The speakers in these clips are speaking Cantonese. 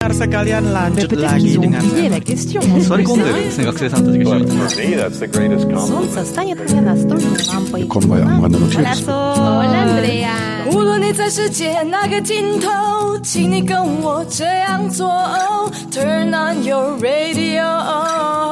又可以與大家見面了。歡無論你在世界哪個盡頭，請你跟我這樣做，哦。Turn on your radio，哦。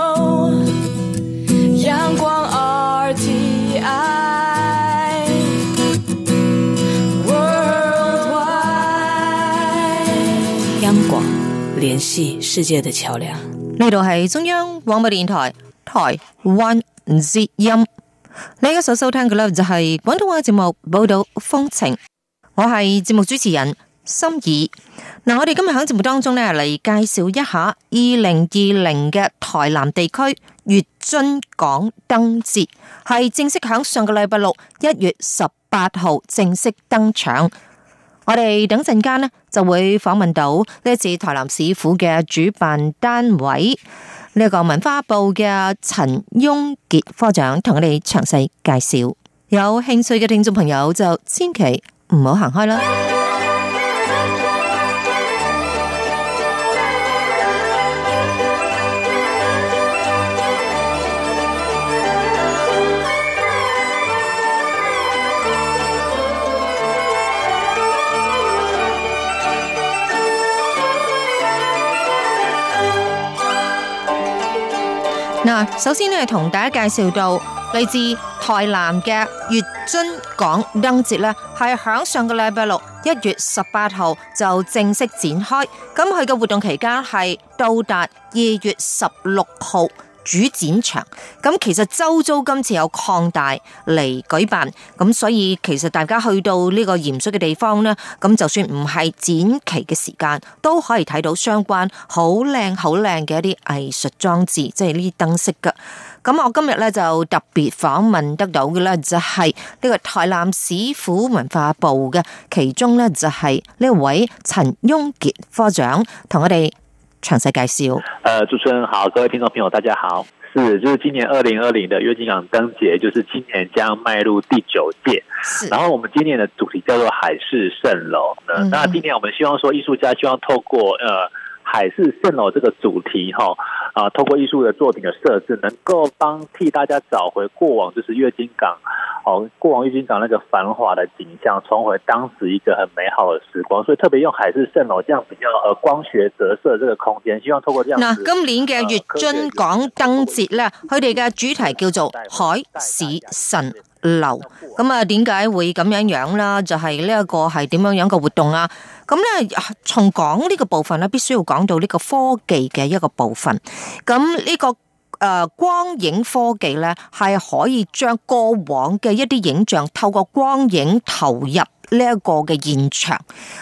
係世界的橋樑。呢度係中央廣播電台台灣之音。你而家所收聽嘅呢，就係廣東話節目報道風情。我係節目主持人心怡。嗱，我哋今日響節目當中呢，嚟介紹一下二零二零嘅台南地區月津港燈節，係正式響上個禮拜六一月十八號正式登場。我哋等陣間就會訪問到呢一次台南市府嘅主辦單位呢個文化部嘅陳雍杰科長，同我哋詳細介紹。有興趣嘅聽眾朋友就千祈唔好行開啦。首先呢，同大家介紹到嚟自台南嘅月津港燈節呢係喺上個禮拜六一月十八號就正式展開。咁佢嘅活動期間係到達二月十六號。主展場咁，其實周遭今次有擴大嚟舉辦，咁所以其實大家去到呢個鹽水嘅地方呢，咁就算唔係展期嘅時間，都可以睇到相關好靚、好靚嘅一啲藝術裝置，即係呢啲燈飾㗎。咁我今日呢，就特別訪問得到嘅呢，就係呢個台南市府文化部嘅，其中呢，就係、是、呢位陳雍杰科長同我哋。詳細介紹。誒，主持人好，各位聽眾朋友，大家好。是，就是今年二零二零的月景港燈節，就是今年將邁入第九屆。是然後我們今年的主題叫做海市蜃樓。嗯、呃，那今年我們希望說，藝術家希望透過，呃、海市蜃樓這個主題、哦，哈。啊！透過藝術的作品嘅設置，能夠幫替大家找回過往，就是月津港，好、啊、過往月津港那個繁華的景象，重回當時一個很美好的時光。所以特別用海市蜃樓，這樣比較呃光學折射這個空間，希望透過這樣。嗱、啊，今年嘅月津港燈節呢，佢哋嘅主題叫做海市蜃樓。咁啊，點解會咁樣樣啦？就係呢一個係點樣樣嘅活動啊？咁咧，從講呢個部分咧，必須要講到呢個科技嘅一個部分。咁呢個誒光影科技咧，係可以將過往嘅一啲影像透過光影投入。呢一個嘅現場，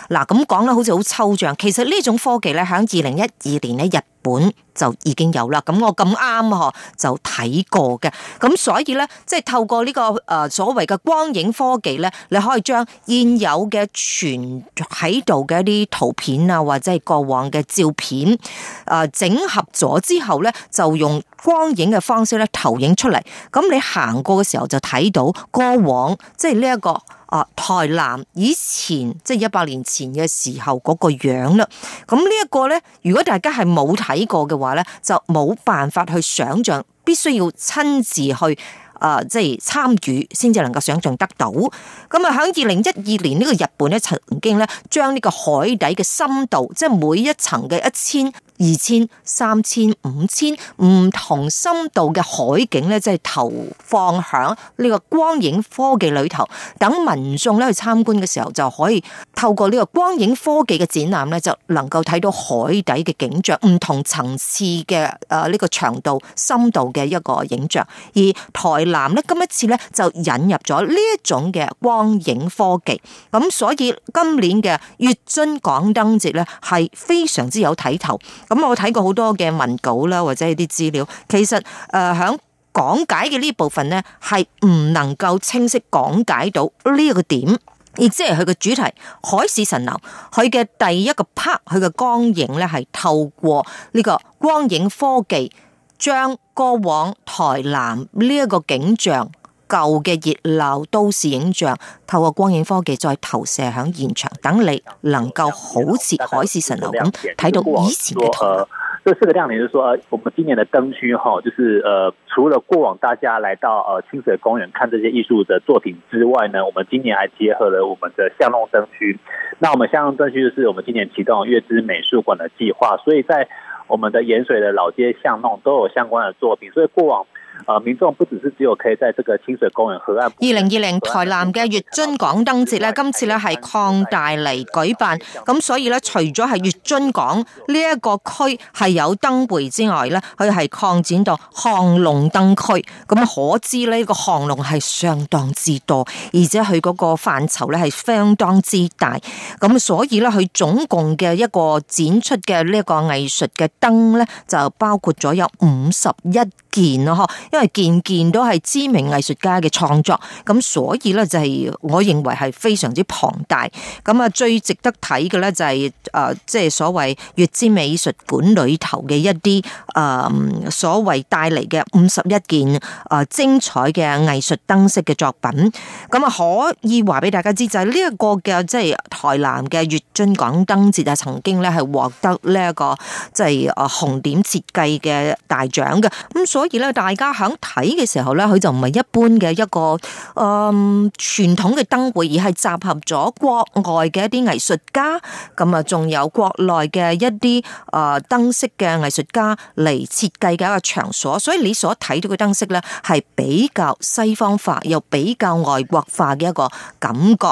嗱咁講咧，好似好抽象。其實呢種科技咧，喺二零一二年咧，日本就已經有啦。咁我咁啱嗬，就睇過嘅。咁所以咧，即係透過呢、這個誒、呃、所謂嘅光影科技咧，你可以將現有嘅存喺度嘅一啲圖片啊，或者係過往嘅照片誒、呃、整合咗之後咧，就用光影嘅方式咧投影出嚟。咁你行過嘅時候就睇到過往，即係呢一個。啊！台南以前即係一百年前嘅時候嗰個樣啦，咁呢一個咧，如果大家係冇睇過嘅話咧，就冇辦法去想象，必須要親自去。啊，即係參與先至能夠想象得到。咁啊，響二零一二年呢個日本咧曾經咧將呢個海底嘅深度，即係每一層嘅一千、二千、三千、五千唔同深度嘅海景咧，即係投放響呢個光影科技裏頭，等民眾咧去參觀嘅時候就可以透過呢個光影科技嘅展覽咧，就能夠睇到海底嘅景象，唔同層次嘅誒呢個長度、深度嘅一個影像，而台。藍呢，今一次咧就引入咗呢一種嘅光影科技，咁所以今年嘅月津港燈節咧係非常之有睇頭。咁我睇過好多嘅文稿啦，或者係啲資料，其實誒響講解嘅呢部分呢，係唔能夠清晰講解到呢個點，亦即係佢嘅主題海市蜃樓。佢嘅第一個 part，佢嘅光影咧係透過呢個光影科技將。過往台南呢一個景象，舊嘅熱鬧都市影像，透過光影科技再投射喺現場，等你能夠好似海市蜃樓咁睇到以前嘅圖。這四個亮點就係、是說，呃就是、說，我們今年的燈區嗬，就是、呃、除了過往大家來到誒清水公園看這些藝術嘅作品之外呢，我們今年還結合了我們的巷弄燈區。那我們巷弄燈區就是我們今年啟動月之美術館嘅計劃，所以在。我們的鹽水的老街巷弄都有相關的作品，所以過往。啊！民眾不只是只有可以在這個清水公園河岸。二零二零台南嘅月津港燈節咧，今次咧係擴大嚟舉辦，咁所以咧除咗係月津港呢一個區係有燈會之外咧，佢係擴展到巷弄燈區。咁可知呢個巷弄係相當之多，而且佢嗰個範疇咧係相當之大。咁所以咧，佢總共嘅一個展出嘅呢一個藝術嘅燈咧，就包括咗有五十一。件咯，因為件件都係知名藝術家嘅創作，咁所以咧就係我認為係非常之龐大。咁啊，最值得睇嘅咧就係誒，即係所謂月之美術館裏頭嘅一啲誒，所謂帶嚟嘅五十一件誒精彩嘅藝術燈飾嘅作品。咁啊，可以話俾大家知就係呢一個嘅即係台南嘅月津港燈節啊，曾經咧係獲得呢一個即係誒紅點設計嘅大獎嘅。咁所以所以大家喺睇嘅時候呢，佢就唔係一般嘅一個誒傳、嗯、統嘅燈會，而係集合咗國外嘅一啲藝術家，咁啊，仲有國內嘅一啲誒燈飾嘅藝術家嚟設計嘅一個場所。所以你所睇到嘅燈飾呢，係比較西方化又比較外國化嘅一個感覺。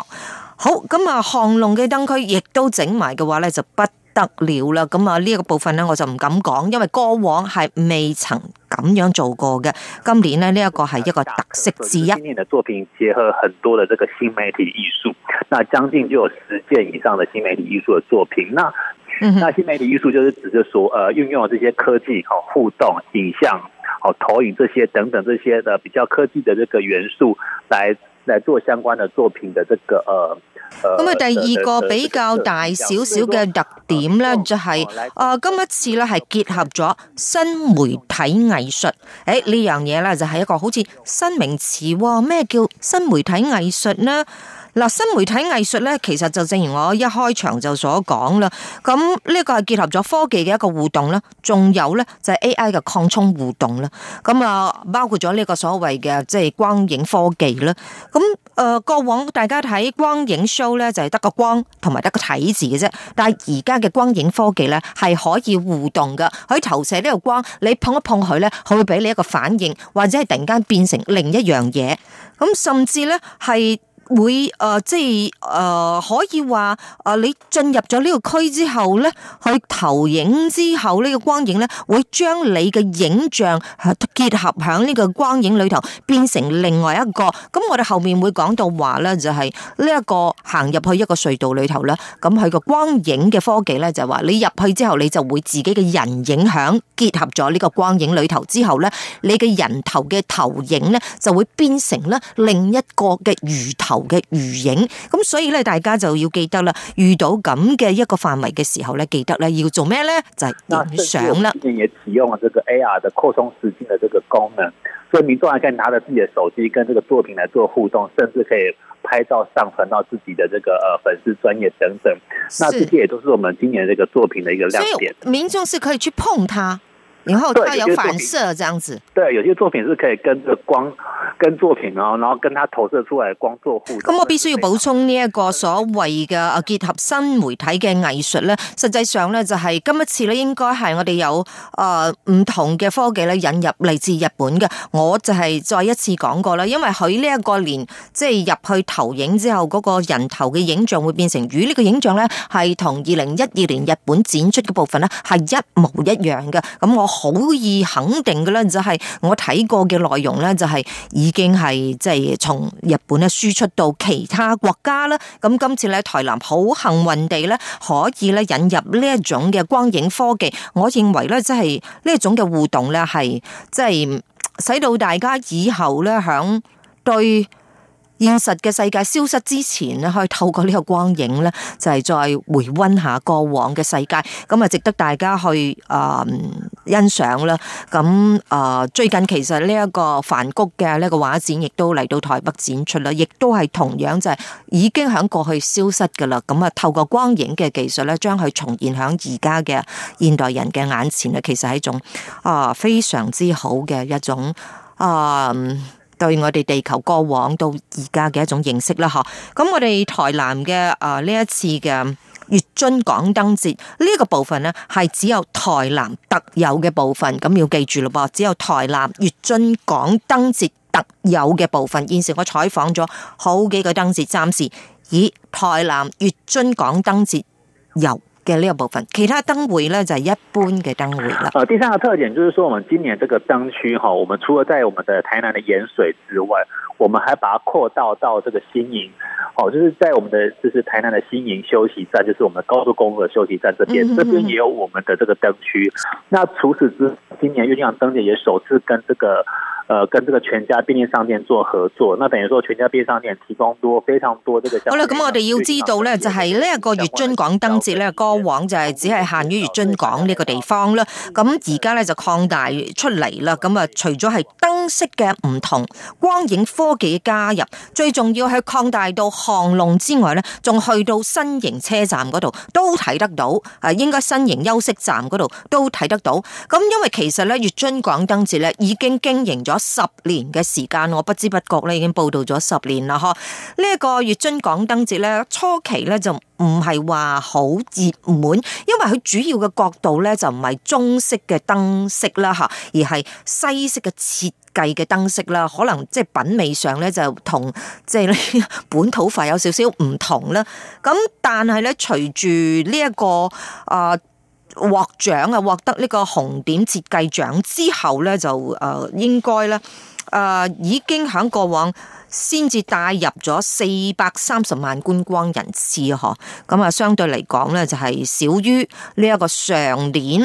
好，咁啊，巷弄嘅燈區亦都整埋嘅話呢，就不。得了啦，咁啊呢一個部分呢，我就唔敢講，因為過往係未曾咁樣做過嘅。今年呢，呢一個係一個特色之一。今年的作品結合很多的這個新媒體藝術，那將近就有十件以上的新媒體藝術的作品。那那新媒體藝術就是指着所說，呃，運用這些科技、互動、影像、投影這些等等這些，的比較科技的這個元素，來來做相關的作品的這個，呃。咁啊，第二個比較大少少嘅特點呢，就是，就係啊，今一次呢係結合咗新媒體藝術，誒，呢樣嘢呢，就係一個好似新名詞，哦，咩叫新媒體藝術呢？嗱、啊，新媒體藝術咧，其實就正如我一開場就所講啦。咁呢個係結合咗科技嘅一個互動啦，仲有咧就係、是、A I 嘅擴充互動啦。咁啊，包括咗呢個所謂嘅即係光影科技啦。咁、啊、誒、呃，過往大家睇光影 show 咧，就係得個光同埋得個體字嘅啫。但係而家嘅光影科技咧，係可以互動嘅。佢投射呢個光，你碰一碰佢咧，佢會俾你一個反應，或者係突然間變成另一樣嘢。咁、啊、甚至咧係。會誒、呃，即係誒、呃，可以話誒、呃，你進入咗呢個區之後咧，去投影之後呢、這個光影咧，會將你嘅影像結合響呢個光影裏頭，變成另外一個。咁我哋後面會講到話咧，就係呢一個行入去一個隧道裏頭咧，咁佢個光影嘅科技咧，就係話你入去之後，你就會自己嘅人影響結合咗呢個光影裏頭之後咧，你嘅人頭嘅投影咧，就會變成咧另一個嘅魚頭。嘅影，咁所以咧，大家就要記得啦。遇到咁嘅一個範圍嘅時候咧，記得咧要做咩咧？就係影相啦。也啟用咗這個 AR 的擴充實境的這個功能，所以民眾還可以拿着自己的手機跟這個作品來做互動，甚至可以拍照上傳到自己的這個呃粉絲專業等等。那這些也都是我們今年這個作品的一個亮點。民眾是可以去碰它。然後它有反射，這樣子對對。對，有些作品是可以跟着光，跟作品哦，然後跟他投射出來光做互動。咁我必須要補充呢一個所謂嘅結合新媒體嘅藝術呢實際上呢就係、是、今一次呢應該係我哋有誒唔、呃、同嘅科技呢引入嚟自日本嘅。我就係再一次講過啦，因為佢呢一個年即係入去投影之後，嗰、那個人頭嘅影像會變成魚呢個影像呢係同二零一二年日本展出嘅部分呢係一模一樣嘅。咁我。好易肯定嘅咧，就係我睇過嘅內容咧，就係已經係即係從日本咧輸出到其他國家啦。咁今次咧，台南好幸運地咧，可以咧引入呢一種嘅光影科技。我認為咧，即係呢一種嘅互動咧，係即係使到大家以後咧，響對。現實嘅世界消失之前咧，可以透過呢個光影咧，就係、是、再回溫下過往嘅世界，咁啊，值得大家去啊、嗯、欣賞啦。咁啊、呃，最近其實呢一個梵谷嘅呢個畫展亦都嚟到台北展出啦，亦都係同樣就係已經喺過去消失噶啦。咁啊，透過光影嘅技術咧，將佢重現喺而家嘅現代人嘅眼前啊，其實係一種啊、呃、非常之好嘅一種啊。呃對我哋地球過往到而家嘅一種認識啦，嗬。咁我哋台南嘅誒呢一次嘅月津港燈節呢一、這個部分呢，係只有台南特有嘅部分。咁要記住咯噃，只有台南月津港燈節特有嘅部分。現時我採訪咗好幾個燈節，暫時，以台南月津港燈節有。的六部分，其他燈會呢，就一般嘅燈會。第三個特點就是說，我們今年這個燈區哈、哦，我們除了在我們的台南的鹽水之外，我們還把它擴大到這個新營，好、哦，就是在我們的就是台南的新營休息站，就是我們的高速公路的休息站這邊，這邊也有我們的這個燈區。那除此之外，今年月津燈節也首次跟這個。誒，跟這個全家便利商店做合作，那等於說全家便利商店提供多非常多這個。好啦，咁我哋要知道呢，就係呢一個月津港燈節呢，過往就係只係限於月津港呢個地方啦。咁而家呢，就擴大出嚟啦。咁啊，除咗係燈飾嘅唔同，光影科技加入，最重要係擴大到巷弄之外呢，仲去到新型車站嗰度都睇得到。啊，應該新型休息站嗰度都睇得到。咁因為其實呢，月津港燈節呢已經經營咗。十年嘅時間，我不知不覺咧已經報道咗十年啦。嗬，呢一個月津港燈節咧初期咧就唔係話好熱門，因為佢主要嘅角度咧就唔係中式嘅燈飾啦，吓，而係西式嘅設計嘅燈飾啦，可能即係品味上咧就同即係本土化有少少唔同啦。咁但係咧隨住呢一個啊。呃獲獎啊，獲得呢個紅點設計獎之後咧，就誒、呃、應該咧誒已經響過往先至帶入咗四百三十萬觀光人次啊，嗬！咁、嗯、啊相對嚟講咧就係少於呢一個上年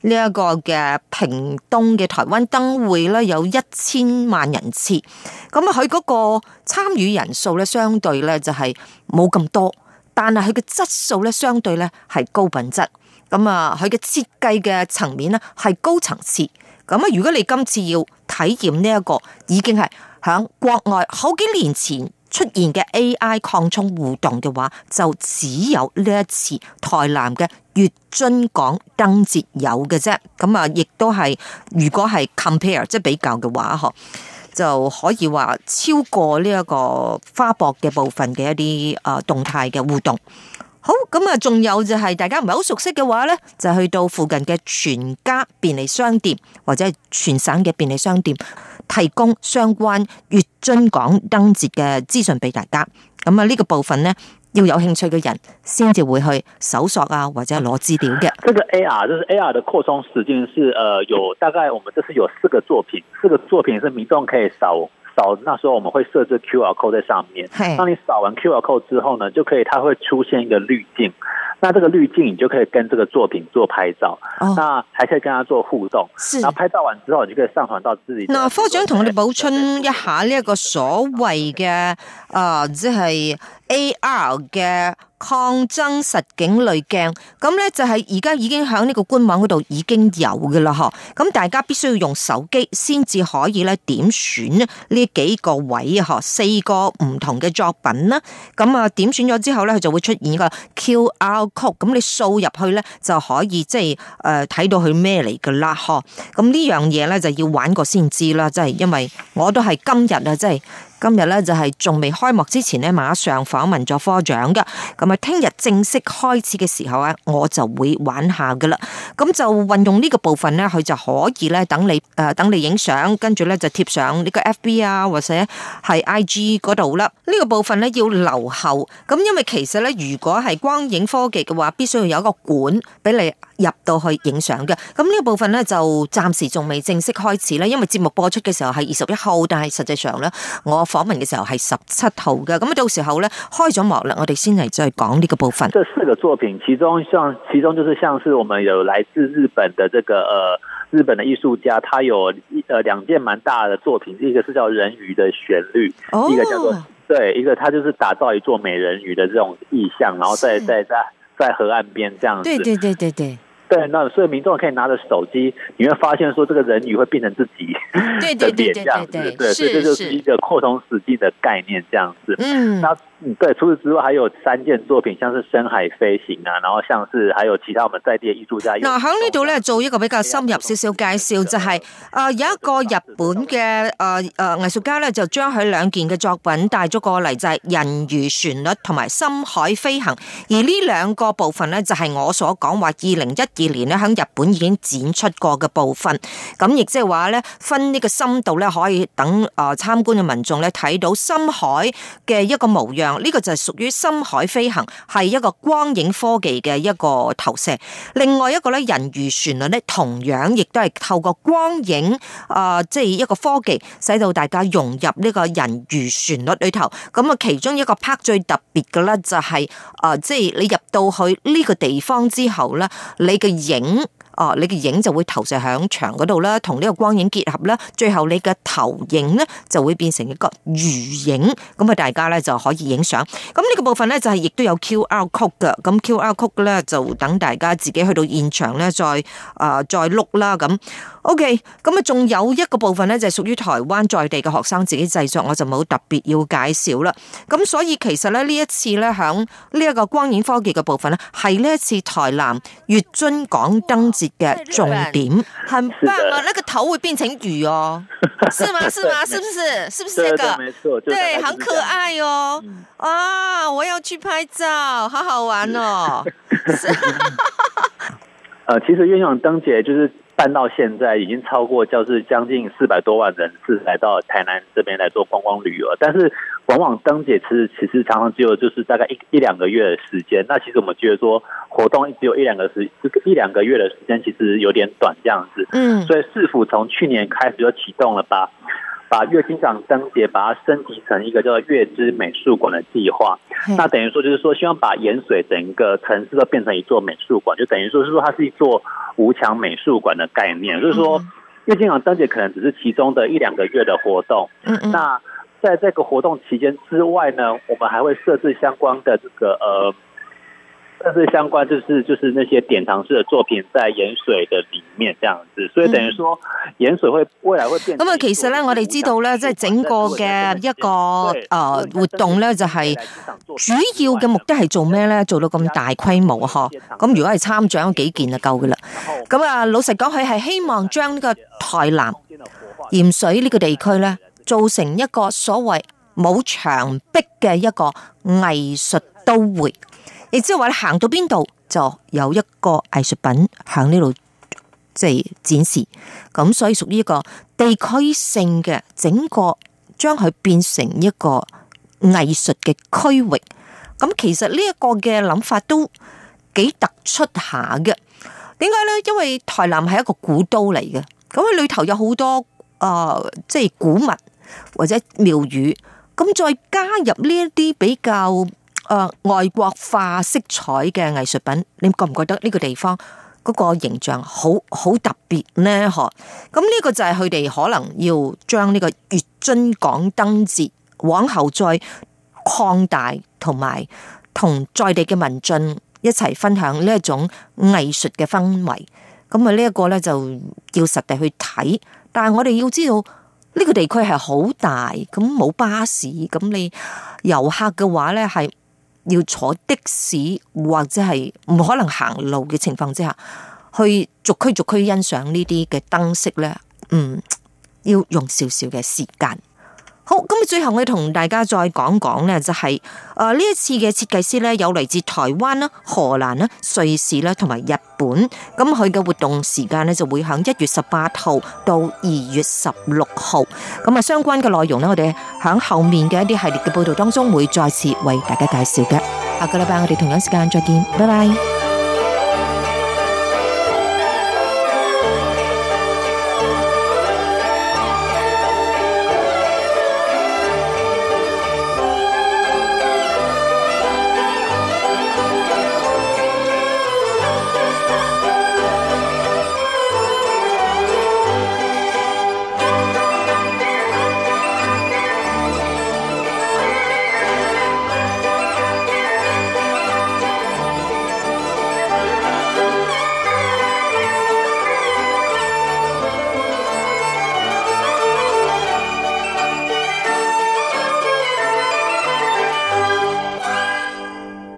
呢一個嘅屏東嘅台灣燈會咧有一千萬人次，咁啊佢嗰個參與人數咧相對咧就係冇咁多，但係佢嘅質素咧相對咧係高品質。咁啊，佢嘅設計嘅層面咧係高層次。咁啊，如果你今次要體驗呢一個已經係喺國外好幾年前出現嘅 AI 擴充互動嘅話，就只有呢一次台南嘅月津港燈節有嘅啫。咁啊，亦都係如果係 compare 即係比較嘅話，呵，就可以話超過呢一個花博嘅部分嘅一啲啊動態嘅互動。好咁啊，仲有就係、是、大家唔係好熟悉嘅話咧，就去到附近嘅全家便利商店或者係全省嘅便利商店，提供相關月津港燈節嘅資訊俾大家。咁啊，呢個部分咧，要有興趣嘅人先至會去搜索啊，或者攞資料嘅。這個 A R 就是 A R 的擴充時間是，誒，有大概我們這是有四個作品，四個作品是民眾可以掃。掃那時候我們會設置 QR code 在上面，是當你掃完 QR code 之後呢，就可以它會出現一個濾鏡，那這個濾鏡你就可以跟這個作品做拍照，哦、那還可以跟他做互動。那是拍照完之後，你就可以上傳到自己那。置那科長同你補充一下，呢一個所謂嘅，呃、即係 AR 嘅。擴增實境濾鏡，咁咧就係而家已經喺呢個官網嗰度已經有嘅啦，嗬。咁大家必須要用手機先至可以咧點選呢幾個位，嗬，四個唔同嘅作品啦。咁啊點選咗之後咧，佢就會出現一個 QR Code，咁你掃入去咧就可以即係誒睇到佢咩嚟噶啦，嗬。咁呢樣嘢咧就要玩過先知啦，即係因為我都係今日啊，即係。今日咧就係仲未開幕之前咧，馬上訪問咗科長嘅。咁啊，聽日正式開始嘅時候咧，我就會玩下噶啦。咁就運用呢個部分咧，佢就可以咧等你誒、呃，等你影相，跟住咧就貼上呢個 FB 啊，或者係 IG 嗰度啦。呢個部分咧要留後，咁因為其實咧，如果係光影科技嘅話，必須要有一個管俾你。入到去影相嘅，咁呢一部分呢，就暫時仲未正式開始啦。因為節目播出嘅時候係二十一號，但係實際上呢，我訪問嘅時候係十七號嘅，咁到時候呢，開咗幕啦，我哋先嚟再講呢個部分。這四個作品，其中像，其中就是像是我們有來自日本的這個，呃，日本的藝術家，他有，呃，兩件蠻大的作品，一個是叫《人魚的旋律》哦，一個叫做，對，一個他就是打造一座美人魚的這種意象，然後再再再。在河岸邊這樣子，對對對對對對，那所以民眾可以拿着手機，你會發現說這個人魚會變成自己的臉這樣，嗯，對對對對對對，對是是所以這就是一個擴充實際的概念，這樣子，是是那嗯，那。嗯，對，除此之外，還有三件作品，像是深海飛行啊，然後像是還有其他我們在地嘅藝術家。嗱，響呢度咧做一個比較深入少少介紹，就是，就係誒有一個日本嘅誒誒藝術家咧，就將佢兩件嘅作品帶咗過嚟，就係人魚旋律同埋深海飛行。而呢兩個部分咧，就係我所講話二零一二年咧響日本已經展出過嘅部分。咁亦即係話咧，分呢個深度咧，可以等誒參觀嘅民眾咧睇到深海嘅一個模樣。呢個就係屬於深海飛行，係一個光影科技嘅一個投射。另外一個咧，人魚旋律咧，同樣亦都係透過光影啊，即、呃、係、就是、一個科技，使到大家融入呢個人魚旋律裏頭。咁啊，其中一個 part 最特別嘅咧，就是呃，就係啊，即係你入到去呢個地方之後咧，你嘅影。哦，你嘅影就會投射喺牆嗰度啦，同呢個光影結合啦，最後你嘅投影咧就會變成一個魚影，咁啊大家咧就可以影相。咁呢個部分咧就係、是、亦都有 Q R code 嘅，咁 Q R code 咧就等大家自己去到現場咧再啊、呃、再碌啦咁。O.K. 咁啊，仲有一個部分咧，就係、是、屬於台灣在地嘅學生自己製作，我就冇特別要介紹啦。咁所以其實咧，呢一次咧，響呢一個光影科技嘅部分咧，係呢一次台南月津港燈節嘅重點。很棒啊！呢、那個頭會變成魚哦，是嗎？ 是嗎？是嗎，是嗎 是不是？是不是呢、這個？對，對，對，很可愛哦。啊，我要去拍照，好好玩哦。 是 其實月津港燈節就是。辦到現在已經超過，就是將近四百多萬人次來到台南這邊來做觀光旅遊，但是往往燈節其實其實常常只有就是大概一一兩個月的時間。那其實我們覺得說活動只有一兩個時，一兩個月的時間，其實有點短這樣子。嗯，所以市府從去年開始就啟動了吧。把月津港燈節把它升級成一個叫做月之美術館的計劃，那等於說就是說希望把鹽水整個城市都變成一座美術館，就等於說是說它是一座無牆美術館的概念。嗯嗯，就是說，月津港燈節可能只是其中的一兩個月的活動，那在這個活動期間之外呢，我們還會設置相關的這個呃。但是相關，就是就是那些典藏式的作品在鹽水的裏面，這樣子，所以等於說鹽水會未來會變成。咁啊、嗯嗯，其實咧，我哋知道咧，即、就、係、是、整個嘅一個誒對、啊、活動咧，就係、是、主要嘅目的係做咩呢？做到咁大規模嗬？咁如果係參展幾件就夠噶啦。咁啊，老實講，佢係希望將呢個台南鹽水呢個地區咧，做成一個所謂冇牆壁嘅一個藝術都會。你即係話，你行到邊度就有一個藝術品喺呢度即係展示，咁所以屬於一個地區性嘅整個將佢變成一個藝術嘅區域。咁其實呢一個嘅諗法都幾突出下嘅。點解呢？因為台南係一個古都嚟嘅，咁佢裏頭有好多啊，呃，即係古物或者廟宇，咁再加入呢一啲比較。誒、呃，外國化色彩嘅藝術品，你覺唔覺得呢個地方嗰個形象好好特別呢？嗬，咁呢個就係佢哋可能要將呢個月津港燈節往後再擴大，同埋同在地嘅民眾一齊分享呢一種藝術嘅氛圍。咁啊，呢一個呢，就要實地去睇，但係我哋要知道呢、呢個地區係好大，咁冇巴士，咁你遊客嘅話呢係。要坐的士或者係唔可能行路嘅情況之下，去逐區逐區欣賞呢啲嘅燈飾咧，嗯，要用少少嘅時間。好，咁最後我同大家再講講呢，就係誒呢一次嘅設計師呢，有嚟自台灣啦、荷蘭啦、瑞士啦同埋日本。咁佢嘅活動時間呢，就會喺一月十八號到二月十六號。咁啊，相關嘅內容呢，我哋喺後面嘅一啲系列嘅報道當中會再次為大家介紹嘅。下個禮拜我哋同樣時間再見，拜拜。